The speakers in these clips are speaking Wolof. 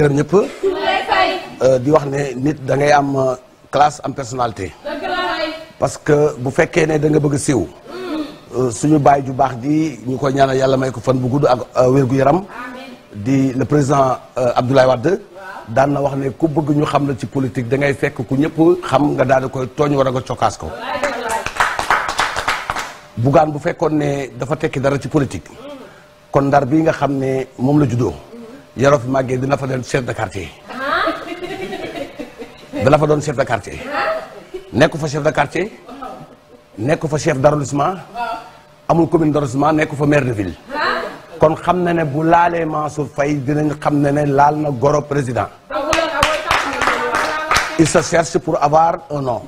gërëm ñëpp. Euh, di wax ne nit da ngay am euh, classe am personnalité. parce que bu fekkee ne da nga bëgg a siiw. Euh, suñu baay ju baax di ñu koy ñaanal yàlla may ko fan bu gudd ak wérgu yaram. di le président Abdoulaye Wade. daan na wax ne ku bëgg ñu xam la ci politique da ngay fekk ku ñëpp xam nga daal di koy tooñ war a nga cokkaas ko. bugaan bu fekkoon ne dafa tekki dara ci politique. kon ndar bii nga xam ne moom la juddoo. yaroo fi màggee dina fa doon chef de quartier dina fa doon chef de quartier nekk fa chef de quartier nekk fa chef d'arrondissement amul commune d'arrondissement nekk fa maire de ville kon xam na ne bu laalee Mansour Faye dinañ xam na ne laal na goro président il se cherche pour avoir un nom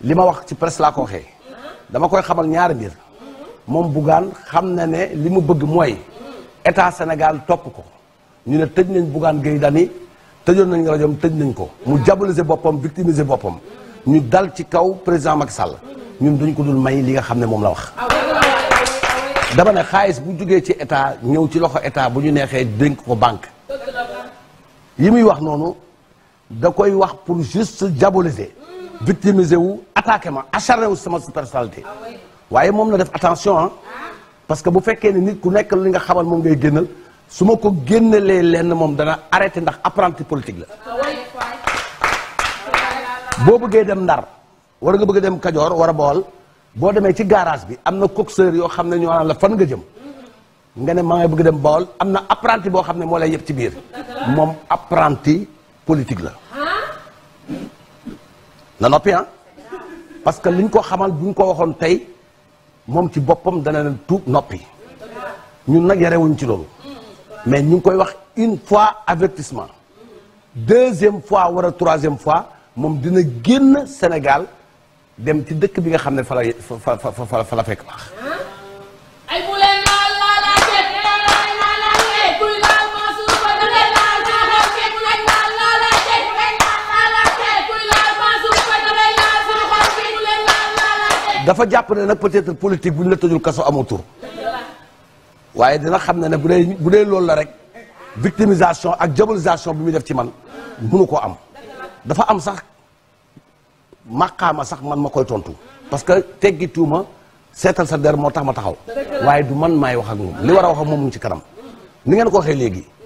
li ma wax ci presse laa ko dama koy xamal ñaar mbir moom Bougane xam na ne li mu bëgg mooy état Sénégal topp ko ñu ne tëj nañ Bougane Gueye dani tëjoon nañ rajoom tëj nañ ko mu diaboliser boppam victimiser boppam ñu dal ci kaw président Macky Sall ñun duñ ko dul may li nga xam ne moom la wax dama ne xaalis bu jógee ci état ñëw ci loxo état bu ñu neexee dénk ko banque yi muy wax noonu da koy wax pour juste diaboliser victimiser wu attaqué ma acharné wu sama personnalité waaye moom na def attention parce que bu fekkee ne nit ku nekk li nga xamal moom ngay génnal su ma ko génnelee lenn moom dana arrêté ndax apprenti politique la boo bëggee dem ndar war nga bëgg dem kajoor war a bool boo demee ci garage bi am na coxeur yoo xam ne ñoo naan la fan nga jëm nga ne maa ngi bëgg dem bool am na apprenti boo xam ne moo lay yëpp ci biir moom apprenti politique la na noppi ah parce que liñ koo xamal buñ ko waxoon tey moom ci boppam dana leen tuub noppi ñun nag yarewuñ ci loolu mais ñu ngi koy wax une fois avertissement deuxième fois wala troisième fois moom dina génn Sénégal dem ci dëkk bi nga xam ne fa la fa fa fekk baax. dafa jàpp ne nag peut-être politique bu ñu la tëjul kaso amoo tur waaye dina xam ne ne bu dee bu dee loolu la rek victimisation ak diabolisation bi muy def ci man mënu koo am dafa am sax màqaama sax man ma koy tontu parce que teggi tuuma seetal sa der moo tax ma taxaw waaye du man maay wax ak moom li war a wax ak moom mu ngi ci kanam ni ngeen ko waxee léegi